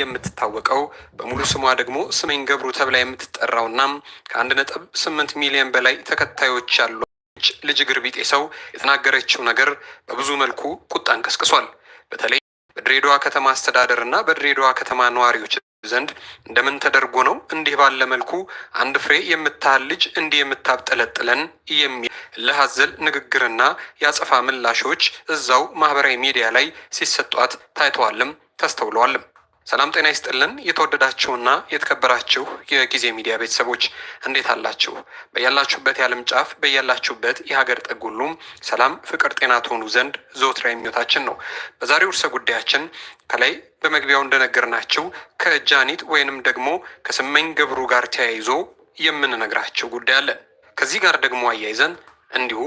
የምትታወቀው በሙሉ ስሟ ደግሞ ስሜን ገብሩ ተብላ የምትጠራውና ከአንድ ነጥብ ስምንት ሚሊዮን በላይ ተከታዮች ያሉ ልጅ እግር ሰው የተናገረችው ነገር በብዙ መልኩ ቁጣ እንቀስቅሷል። በተለይ በድሬዳዋ ከተማ አስተዳደር እና በድሬዳዋ ከተማ ነዋሪዎች ዘንድ እንደምን ተደርጎ ነው እንዲህ ባለ መልኩ አንድ ፍሬ የምታህል ልጅ እንዲህ የምታብጠለጥለን የሚል እልህ አዘል ንግግርና የአጸፋ ምላሾች እዛው ማህበራዊ ሚዲያ ላይ ሲሰጧት ታይተዋልም ተስተውለዋልም። ሰላም ጤና ይስጥልን። የተወደዳችሁና የተከበራችሁ የጊዜ ሚዲያ ቤተሰቦች እንዴት አላችሁ? በያላችሁበት የዓለም ጫፍ በያላችሁበት የሀገር ጥግ ሁሉም ሰላም፣ ፍቅር፣ ጤና ትሆኑ ዘንድ ዘወትር ምኞታችን ነው። በዛሬው ውርሰ ጉዳያችን ከላይ በመግቢያው እንደነገርናችሁ ከጃኒት ወይንም ደግሞ ከስመኝ ገብሩ ጋር ተያይዞ የምንነግራችሁ ጉዳይ አለን። ከዚህ ጋር ደግሞ አያይዘን እንዲሁ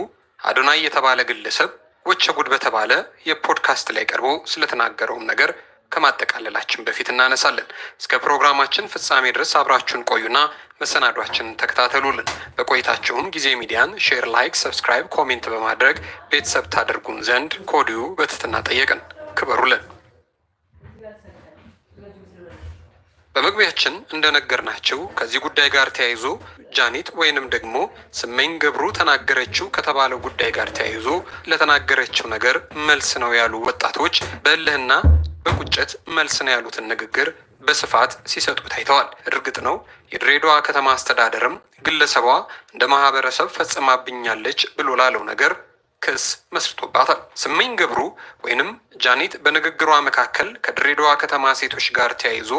አዶናይ የተባለ ግለሰብ ወቸ ጉድ በተባለ የፖድካስት ላይ ቀርቦ ስለተናገረውም ነገር ከማጠቃለላችን በፊት እናነሳለን። እስከ ፕሮግራማችን ፍጻሜ ድረስ አብራችሁን ቆዩና መሰናዷችንን ተከታተሉልን። በቆይታችሁም ጊዜ ሚዲያን ሼር፣ ላይክ፣ ሰብስክራይብ፣ ኮሜንት በማድረግ ቤተሰብ ታደርጉን ዘንድ ከወዲሁ በትህትና ጠየቅን። ክበሩልን። በመግቢያችን እንደነገርናችሁ ከዚህ ጉዳይ ጋር ተያይዞ ጃኒት ወይንም ደግሞ ስመኝ ገብሩ ተናገረችው ከተባለው ጉዳይ ጋር ተያይዞ ለተናገረችው ነገር መልስ ነው ያሉ ወጣቶች በእልህና በቁጭት መልስ ነው ያሉትን ንግግር በስፋት ሲሰጡ ታይተዋል። እርግጥ ነው የድሬዳዋ ከተማ አስተዳደርም ግለሰቧ እንደ ማህበረሰብ ፈጽማብኛለች ብሎ ላለው ነገር ክስ መስርቶባታል። ስመኝ ገብሩ ወይንም ጃኒት በንግግሯ መካከል ከድሬዳዋ ከተማ ሴቶች ጋር ተያይዞ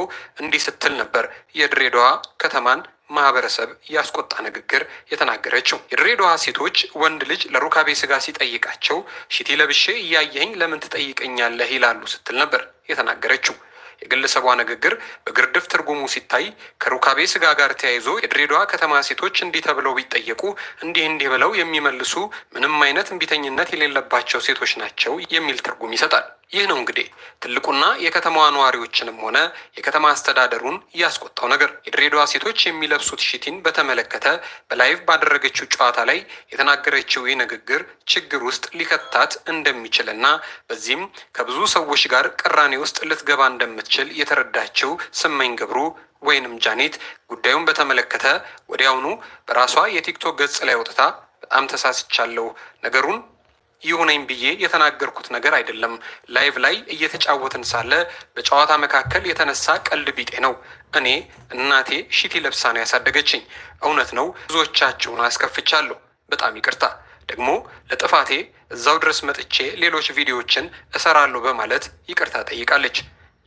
እንዲህ ስትል ነበር የድሬዳዋ ከተማን ማህበረሰብ ያስቆጣ ንግግር የተናገረችው። የድሬዳዋ ሴቶች ወንድ ልጅ ለሩካቤ ስጋ ሲጠይቃቸው ሽቲ ለብሼ እያየኝ ለምን ትጠይቀኛለህ ይላሉ ስትል ነበር። የተናገረችው። የግለሰቧ ንግግር በግርድፍ ትርጉሙ ሲታይ ከሩካቤ ስጋ ጋር ተያይዞ የድሬዳዋ ከተማ ሴቶች እንዲህ ተብለው ቢጠየቁ እንዲህ እንዲህ ብለው የሚመልሱ ምንም አይነት እምቢተኝነት የሌለባቸው ሴቶች ናቸው የሚል ትርጉም ይሰጣል። ይህ ነው እንግዲህ ትልቁና የከተማዋ ነዋሪዎችንም ሆነ የከተማ አስተዳደሩን ያስቆጣው ነገር። የድሬዳዋ ሴቶች የሚለብሱት ሽቲን በተመለከተ በላይቭ ባደረገችው ጨዋታ ላይ የተናገረችው ይህ ንግግር ችግር ውስጥ ሊከታት እንደሚችልና በዚህም ከብዙ ሰዎች ጋር ቅራኔ ውስጥ ልትገባ እንደምትችል የተረዳችው ስመኝ ገብሩ ወይንም ጃኔት ጉዳዩን በተመለከተ ወዲያውኑ በራሷ የቲክቶክ ገጽ ላይ ወጥታ በጣም ተሳስቻለሁ ነገሩን ይሁነኝ ብዬ የተናገርኩት ነገር አይደለም። ላይቭ ላይ እየተጫወትን ሳለ በጨዋታ መካከል የተነሳ ቀልድ ቢጤ ነው። እኔ እናቴ ሺቲ ለብሳ ነው ያሳደገችኝ። እውነት ነው ብዙዎቻችሁን አስከፍቻለሁ። በጣም ይቅርታ። ደግሞ ለጥፋቴ እዛው ድረስ መጥቼ ሌሎች ቪዲዮዎችን እሰራለሁ በማለት ይቅርታ ጠይቃለች።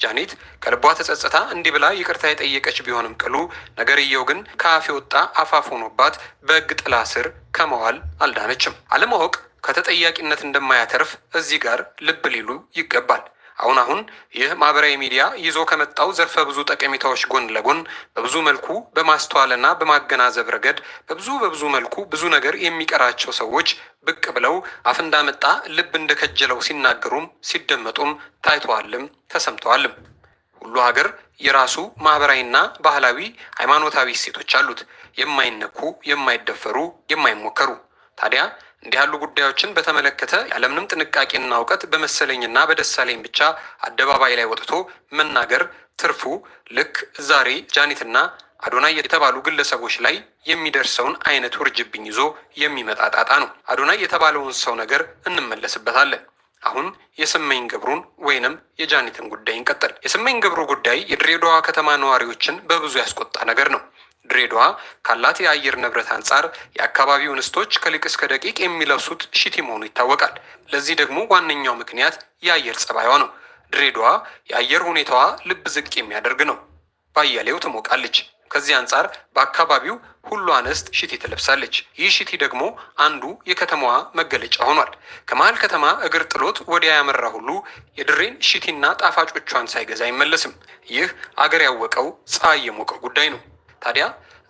ጃኒት ከልቧ ተጸጽታ እንዲህ ብላ ይቅርታ የጠየቀች ቢሆንም ቅሉ ነገርየው ግን ከአፍ የወጣ አፋፍ ሆኖባት ጥላ ስር ከመዋል አልዳነችም። አለማወቅ ከተጠያቂነት እንደማያተርፍ እዚህ ጋር ልብ ሊሉ ይገባል። አሁን አሁን ይህ ማህበራዊ ሚዲያ ይዞ ከመጣው ዘርፈ ብዙ ጠቀሜታዎች ጎን ለጎን በብዙ መልኩ በማስተዋልና በማገናዘብ ረገድ በብዙ በብዙ መልኩ ብዙ ነገር የሚቀራቸው ሰዎች ብቅ ብለው አፍ እንዳመጣ ልብ እንደከጀለው ሲናገሩም ሲደመጡም ታይተዋልም ተሰምተዋልም። ሁሉ ሀገር የራሱ ማህበራዊና ባህላዊ ሃይማኖታዊ እሴቶች አሉት፣ የማይነኩ የማይደፈሩ፣ የማይሞከሩ ታዲያ እንዲህ ያሉ ጉዳዮችን በተመለከተ ያለምንም ጥንቃቄና እውቀት በመሰለኝና በደሳለኝ ብቻ አደባባይ ላይ ወጥቶ መናገር ትርፉ ልክ ዛሬ ጃኒትና አዶናይ የተባሉ ግለሰቦች ላይ የሚደርሰውን አይነት ውርጅብኝ ይዞ የሚመጣ ጣጣ ነው። አዶናይ የተባለውን ሰው ነገር እንመለስበታለን። አሁን የስመኝ ገብሩን ወይንም የጃኒትን ጉዳይ እንቀጥል። የስመኝ ገብሩ ጉዳይ የድሬዳዋ ከተማ ነዋሪዎችን በብዙ ያስቆጣ ነገር ነው። ድሬዷ ካላት የአየር ንብረት አንጻር የአካባቢው እንስቶች ከሊቅ እስከ ደቂቅ የሚለብሱት ሺቲ መሆኑ ይታወቃል። ለዚህ ደግሞ ዋነኛው ምክንያት የአየር ጸባይዋ ነው። ድሬዳዋ የአየር ሁኔታዋ ልብ ዝቅ የሚያደርግ ነው። ባያሌው ትሞቃለች። ከዚህ አንጻር በአካባቢው ሁሉ አንስት ሽቲ ትለብሳለች። ይህ ሽቲ ደግሞ አንዱ የከተማዋ መገለጫ ሆኗል። ከመሀል ከተማ እግር ጥሎት ወዲያ ያመራ ሁሉ የድሬን ሽቲና ጣፋጮቿን ሳይገዛ አይመለስም። ይህ አገር ያወቀው ፀሐይ የሞቀው ጉዳይ ነው። ታዲያ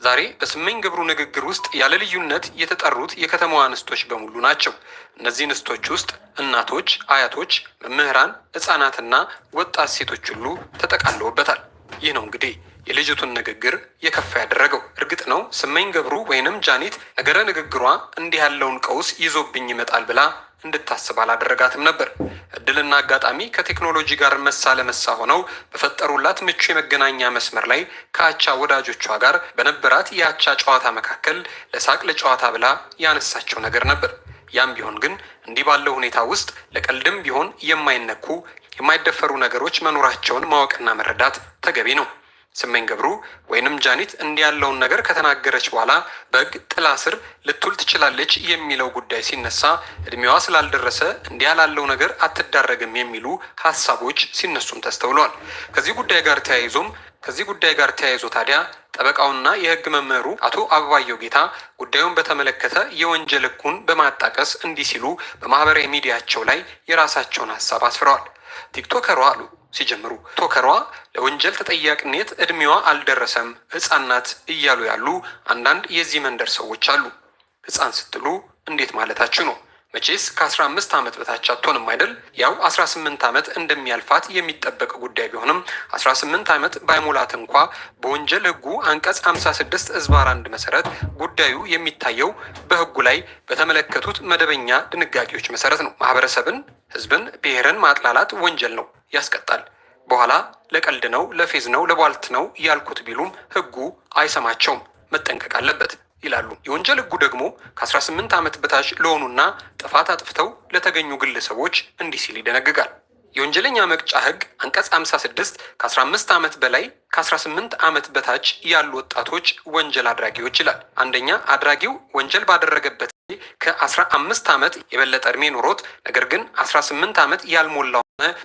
ዛሬ በስመኝ ገብሩ ንግግር ውስጥ ያለ ልዩነት የተጠሩት የከተማዋ እንስቶች በሙሉ ናቸው። እነዚህ እንስቶች ውስጥ እናቶች፣ አያቶች፣ መምህራን፣ ህፃናትና ወጣት ሴቶች ሁሉ ተጠቃለውበታል። ይህ ነው እንግዲህ የልጅቱን ንግግር የከፋ ያደረገው። እርግጥ ነው ስመኝ ገብሩ ወይንም ጃኒት ነገረ ንግግሯ እንዲህ ያለውን ቀውስ ይዞብኝ ይመጣል ብላ እንድታስብ አላደረጋትም ነበር። እድልና አጋጣሚ ከቴክኖሎጂ ጋር መሳ ለመሳ ሆነው በፈጠሩላት ምቹ የመገናኛ መስመር ላይ ከአቻ ወዳጆቿ ጋር በነበራት የአቻ ጨዋታ መካከል ለሳቅ ለጨዋታ ብላ ያነሳቸው ነገር ነበር። ያም ቢሆን ግን እንዲህ ባለው ሁኔታ ውስጥ ለቀልድም ቢሆን የማይነኩ የማይደፈሩ ነገሮች መኖራቸውን ማወቅና መረዳት ተገቢ ነው። ስመኝ ገብሩ ወይንም ጃኒት እንዲህ ያለውን ነገር ከተናገረች በኋላ በግ ጥላ ስር ልትውል ትችላለች የሚለው ጉዳይ ሲነሳ እድሜዋ ስላልደረሰ እንዲህ ያላለው ነገር አትዳረግም የሚሉ ሀሳቦች ሲነሱም ተስተውሏል። ከዚህ ጉዳይ ጋር ተያይዞም ከዚህ ጉዳይ ጋር ተያይዞ ታዲያ ጠበቃውና የህግ መምህሩ አቶ አበባየው ጌታ ጉዳዩን በተመለከተ የወንጀል ህጉን በማጣቀስ እንዲህ ሲሉ በማህበራዊ ሚዲያቸው ላይ የራሳቸውን ሀሳብ አስፍረዋል። ቲክቶከሯ አሉ ሲጀምሩ ቶከሯ ለወንጀል ተጠያቂነት እድሜዋ አልደረሰም ሕፃን እያሉ ያሉ አንዳንድ የዚህ መንደር ሰዎች አሉ። ሕፃን ስትሉ እንዴት ማለታችሁ ነው? መቼስ ከ15 ዓመት በታች አትሆንም አይደል? ያው 18 ዓመት እንደሚያልፋት የሚጠበቅ ጉዳይ ቢሆንም 18 ዓመት ባይሞላት እንኳ በወንጀል ህጉ አንቀጽ 56 እዝባር 1 መሰረት ጉዳዩ የሚታየው በህጉ ላይ በተመለከቱት መደበኛ ድንጋጌዎች መሰረት ነው። ማህበረሰብን፣ ህዝብን ብሔርን ማጥላላት ወንጀል ነው፣ ያስቀጣል። በኋላ ለቀልድ ነው፣ ለፌዝ ነው፣ ለቧልት ነው ያልኩት ቢሉም ህጉ አይሰማቸውም። መጠንቀቅ አለበት። ይላሉ። የወንጀል ህጉ ደግሞ ከ18 ዓመት በታች ለሆኑና ጥፋት አጥፍተው ለተገኙ ግለሰቦች እንዲህ ሲል ይደነግጋል። የወንጀለኛ መቅጫ ህግ አንቀጽ 56 ከ15 ዓመት በላይ ከ18 ዓመት በታች ያሉ ወጣቶች ወንጀል አድራጊዎች ይላል። አንደኛ አድራጊው ወንጀል ባደረገበት ከ15 ዓመት የበለጠ እድሜ ኖሮት ነገር ግን 18 ዓመት ያልሞላው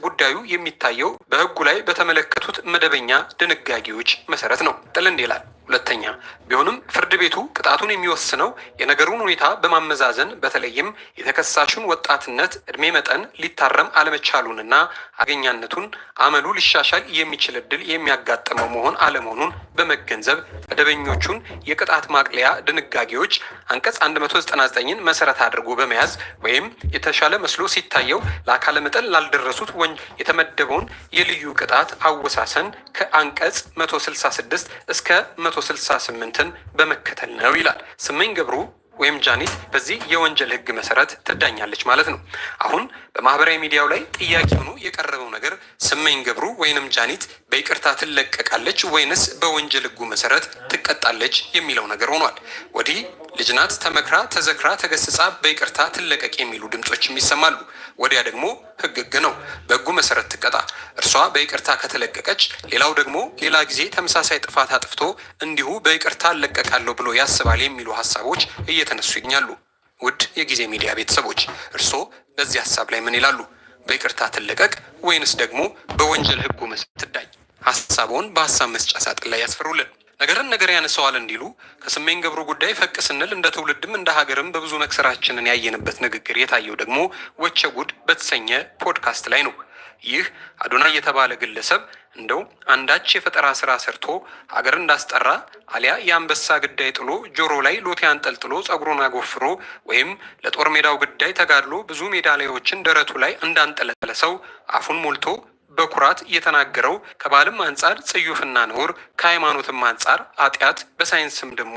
ጉዳዩ የሚታየው በህጉ ላይ በተመለከቱት መደበኛ ድንጋጌዎች መሰረት ነው። ጥል ይላል ሁለተኛ ቢሆንም ፍርድ ቤቱ ቅጣቱን የሚወስነው የነገሩን ሁኔታ በማመዛዘን በተለይም የተከሳሹን ወጣትነት እድሜ መጠን ሊታረም አለመቻሉንና አገኛነቱን አመሉ ሊሻሻል የሚችል እድል የሚያጋጥመው መሆን አለመሆኑን በመገንዘብ መደበኞቹን የቅጣት ማቅለያ ድንጋጌዎች አንቀጽ 199ን መሰረት አድርጎ በመያዝ ወይም የተሻለ መስሎ ሲታየው ለአካለ መጠን ላልደረሱት ወንጀል የተመደበውን የልዩ ቅጣት አወሳሰን ከአንቀጽ 166 እስከ 168ን በመከተል ነው ይላል። ስመኝ ገብሩ ወይም ጃኒት በዚህ የወንጀል ህግ መሰረት ትዳኛለች ማለት ነው። አሁን በማህበራዊ ሚዲያው ላይ ጥያቄ ሆኖ የቀረበው ነገር ስመኝ ገብሩ ወይንም ጃኒት በይቅርታ ትለቀቃለች ወይንስ በወንጀል ህጉ መሰረት ትቀጣለች የሚለው ነገር ሆኗል። ወዲህ ልጅ ናት፣ ተመክራ ተዘክራ ተገስጻ በይቅርታ ትለቀቅ የሚሉ ድምጾችም ይሰማሉ። ወዲያ ደግሞ ህግ ህግ ነው፣ በህጉ መሰረት ትቀጣ። እርሷ በይቅርታ ከተለቀቀች፣ ሌላው ደግሞ ሌላ ጊዜ ተመሳሳይ ጥፋት አጥፍቶ እንዲሁ በይቅርታ እለቀቃለሁ ብሎ ያስባል የሚሉ ሀሳቦች እየተነሱ ይገኛሉ። ውድ የጊዜ ሚዲያ ቤተሰቦች እርስዎ በዚህ ሀሳብ ላይ ምን ይላሉ? በይቅርታ ትለቀቅ ወይንስ ደግሞ በወንጀል ህጉ መሰረት ትዳኝ? ሀሳቡን በሀሳብ መስጫ ሳጥን ላይ ያስፈሩልን። ነገርን ነገር ያነሰዋል እንዲሉ ከስሜን ገብሩ ጉዳይ ፈቅ ስንል እንደ ትውልድም እንደ ሀገርም በብዙ መክሰራችንን ያየንበት ንግግር የታየው ደግሞ ወቸ ጉድ በተሰኘ ፖድካስት ላይ ነው። ይህ አዶና የተባለ ግለሰብ እንደው አንዳች የፈጠራ ስራ ሰርቶ ሀገር እንዳስጠራ አሊያ የአንበሳ ግዳይ ጥሎ ጆሮ ላይ ሎቴ አንጠልጥሎ ጸጉሩን አጎፍሮ ወይም ለጦር ሜዳው ግዳይ ተጋድሎ ብዙ ሜዳሊያዎችን ደረቱ ላይ እንዳንጠለጠለ ሰው አፉን ሞልቶ በኩራት የተናገረው ከባህልም አንጻር ጽዩፍና ነውር፣ ከሃይማኖትም አንጻር አጢአት፣ በሳይንስም ደግሞ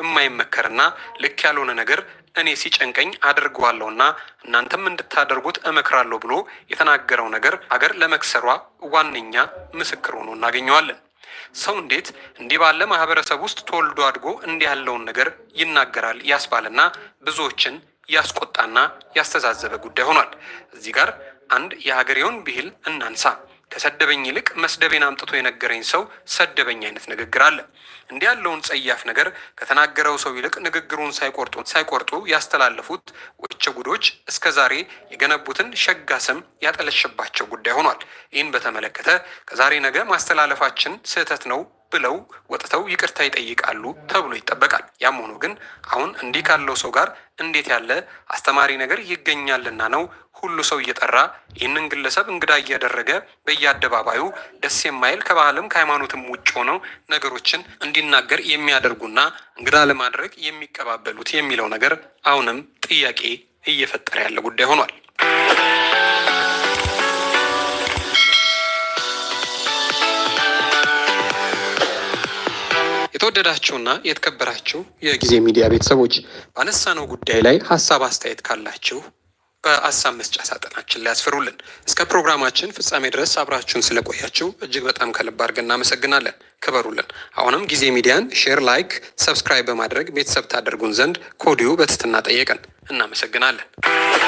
የማይመከርና ልክ ያልሆነ ነገር እኔ ሲጨንቀኝ አድርገዋለሁና እናንተም እንድታደርጉት እመክራለሁ ብሎ የተናገረው ነገር አገር ለመክሰሯ ዋነኛ ምስክር ሆኖ እናገኘዋለን። ሰው እንዴት እንዲህ ባለ ማህበረሰብ ውስጥ ተወልዶ አድጎ እንዲህ ያለውን ነገር ይናገራል ያስባልና ብዙዎችን ያስቆጣና ያስተዛዘበ ጉዳይ ሆኗል። እዚህ ጋር አንድ የሀገሬውን ብሂል እናንሳ። ከሰደበኝ ይልቅ መስደቤን አምጥቶ የነገረኝ ሰው ሰደበኝ አይነት ንግግር አለ። እንዲህ ያለውን ጸያፍ ነገር ከተናገረው ሰው ይልቅ ንግግሩን ሳይቆርጡ ሳይቆርጡ ያስተላለፉት ወቸ ጉዶች እስከ ዛሬ የገነቡትን ሸጋ ስም ያጠለሸባቸው ጉዳይ ሆኗል። ይህን በተመለከተ ከዛሬ ነገ ማስተላለፋችን ስህተት ነው ብለው ወጥተው ይቅርታ ይጠይቃሉ ተብሎ ይጠበቃል። ያም ሆኖ ግን አሁን እንዲህ ካለው ሰው ጋር እንዴት ያለ አስተማሪ ነገር ይገኛልና ነው ሁሉ ሰው እየጠራ ይህንን ግለሰብ እንግዳ እያደረገ በየአደባባዩ ደስ የማይል ከባህልም ከሃይማኖትም ውጭ ሆነው ነገሮችን እንዲናገር የሚያደርጉና እንግዳ ለማድረግ የሚቀባበሉት የሚለው ነገር አሁንም ጥያቄ እየፈጠረ ያለ ጉዳይ ሆኗል። የተወደዳችሁና የተከበራችሁ የጊዜ ሚዲያ ቤተሰቦች ባነሳነው ጉዳይ ላይ ሀሳብ አስተያየት ካላችሁ በአሳብ መስጫ ሳጥናችን ላይ አስፍሩልን እስከ ፕሮግራማችን ፍጻሜ ድረስ አብራችሁን ስለቆያችሁ እጅግ በጣም ከልብ አድርገን እናመሰግናለን። ክበሩልን። አሁንም ጊዜ ሚዲያን ሼር፣ ላይክ፣ ሰብስክራይብ በማድረግ ቤተሰብ ታደርጉን ዘንድ ኮዲዩ በትህትና ጠየቀን። እናመሰግናለን።